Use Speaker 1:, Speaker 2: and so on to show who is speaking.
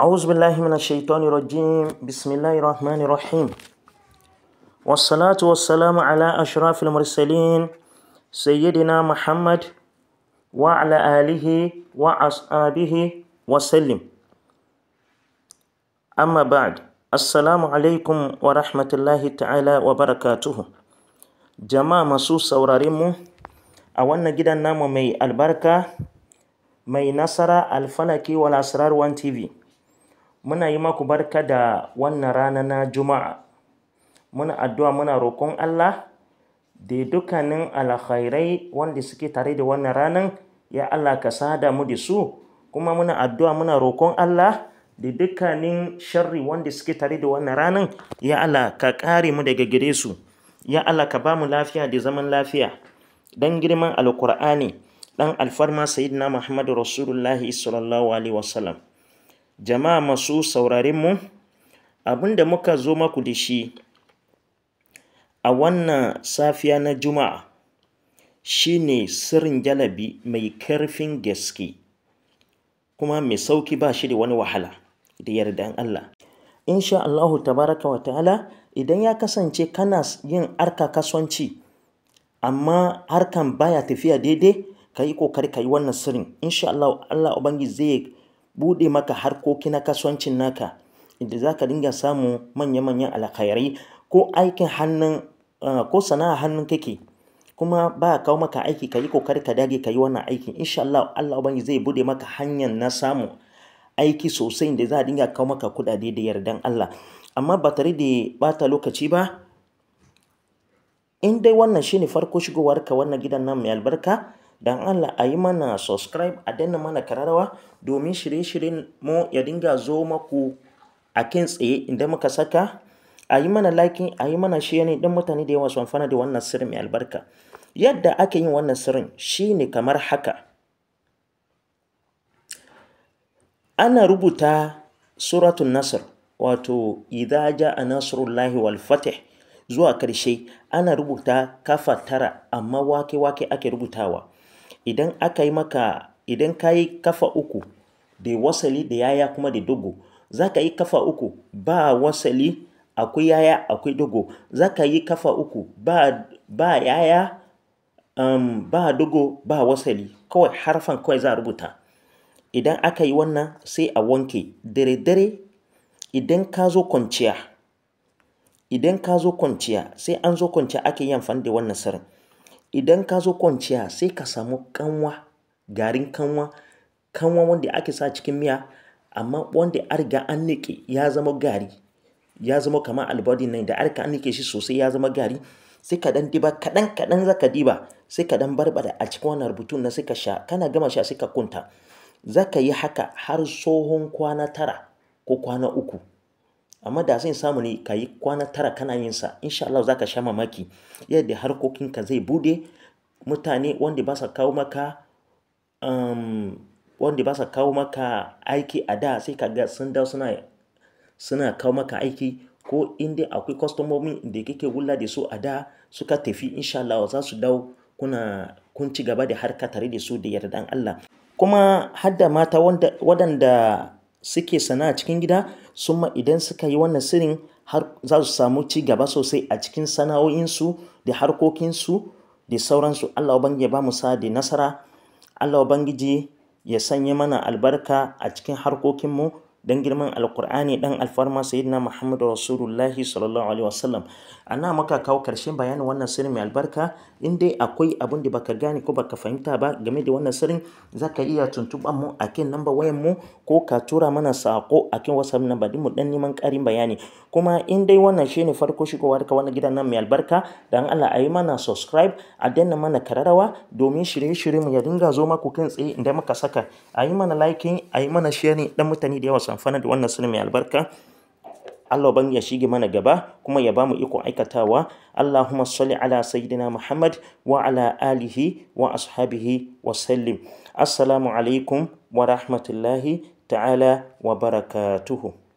Speaker 1: أعوذ بالله من الشيطان الرجيم بسم الله الرحمن الرحيم والصلاة والسلام على أشرف المرسلين سيدنا محمد وعلى آله وأصحابه وسلم أما بعد السلام عليكم ورحمة الله تعالى وبركاته جماعة مسوس سوراريمو أولنا جدا نامو مي البركة مي نصر الفلكي والأسرار وان تي في muna yi maku barka da wannan rana na juma'a muna addu'a muna roƙon allah da dukkanin alkhairai wanda suke tare da wannan ranan ya allah ka sada mu da su kuma muna addu'a muna roƙon allah da dukkanin sharri wanda suke tare da wannan ranan ya allah ka kare mu daga gare su ya allah ka ba mu lafiya da zaman lafiya dan girman alkur'ani dan alfarma sayyidina muhammadu rasulullahi sallallahu alaihi wasallam jama'a masu saurarinmu, abinda muka zo maku da shi a wannan safiya na juma'a shine sirrin galabi mai karfin gaske kuma mai sauki ba shi da wani wahala da yarda yardan Allah insha Allahu tabaraka wa ta'ala idan ya kasance kana yin arka kasuwanci amma harkan baya tafiya daidai ka yi kokari ka yi wannan sirrin insha Allah Allah ubangi zai buɗe maka harkoki na kasuwancin naka inda za ka dinga samu manya-manyan alkhairai ko aikin hannun ah, ko sana'a hannun kake kuma ba kawo maka aiki ka yi kokari ka dage ka yi wannan aikin insha Allah Allah ubangi zai bude maka hanyar na samu aiki sosai inda za a dinga kawo maka kudade da yardan Allah amma ba tare da bata lokaci ba in dai wannan shine farko shigowar ka wannan gidan nan mai albarka don Allah a yi mana subscribe a danna mana kararrawa domin shirye-shiryen mu ya dinga zo maku a kan tsaye inda muka saka a yi mana liking a yi mana ne don mutane da yawa su amfana da wannan sirri mai albarka yadda ake yin wannan sirrin shine kamar haka ana rubuta suratun nasr wato idza a nasrullahi wal zuwa karshe ana rubuta kafa tara amma wake wake ake rubutawa idan aka yi maka idan ka yi kafa uku da wasali da yaya kuma da dogo za ka yi kafa uku ba wasali akwai yaya akwai dogo za ka yi kafa uku ba, ba yaya um, ba dogo ba wasali kawai harfan kawai za a rubuta idan aka yi wannan sai a wanke dare-dare idan ka zo kwanciya idan ka zo kwanciya sai an zo kwanciya ake yi amfani da wannan sirrin idan ka zo kwanciya sai ka samu kanwa garin kanwa kanwa wanda ake sa cikin miya amma wanda ya riga an nike ya zama gari ya zama kamar albadi nan da arka an nike shi sosai ya zama gari sai ka dan diba kaɗan kaɗan zaka diba sai ka dan barbada a cikin wannan rubutun na sai ka sha kana gama sha sai ka kunta zaka yi haka har tsohon kwana tara ko kwana uku amma da zai samu ne ka yi kwana tara kana yin sa insha Allah za ka sha mamaki yadda harkokin ka zai bude mutane wanda ba sa kawo maka um, wanda ba sa kawo maka aiki a da sai ka ga sun da suna suna kawo maka aiki ko inda akwai kwastomomin da kake wula da su a da suka tafi insha Allah za su dawo kuna kun ci gaba da harka tare da su da yardan Allah kuma hadda mata wadanda. suke sana a cikin gida sun ma idan suka yi wannan sirin har za su samu ci gaba sosai a cikin sana'o'insu da harkokinsu da sauransu Allah ubangiji ya ba mu da nasara Allah ubangiji ya sanya mana albarka a cikin harkokinmu dan girman alkur'ani dan alfarma sayyidina muhammadu rasulullahi sallallahu alaihi wasallam ana maka kawo karshen bayanin wannan sirri mai albarka in dai akwai abin da baka gane ko baka fahimta ba game da wannan sirrin zaka iya tuntuban mu a akan number wayan mu ko ka tura mana sako akan whatsapp namba din mu dan neman karin bayani kuma in dai wannan shine farko shigowa ka wannan gidan nan mai albarka dan Allah ayi mana subscribe a danna mana kararrawa domin shirye-shiryen mu ya dinga zo maku kan tsaye inda muka saka ayi mana liking ayi mana sharing dan mutane da yawa amfana da wannan sunan mai albarka Allah ban ya shige mana gaba kuma ya bamu iko aikatawa Allahumma salli ala sayyidina Muhammad wa ala alihi wa ashabihi wa sallim assalamu alaikum wa rahmatullahi ta'ala wa barakatuhu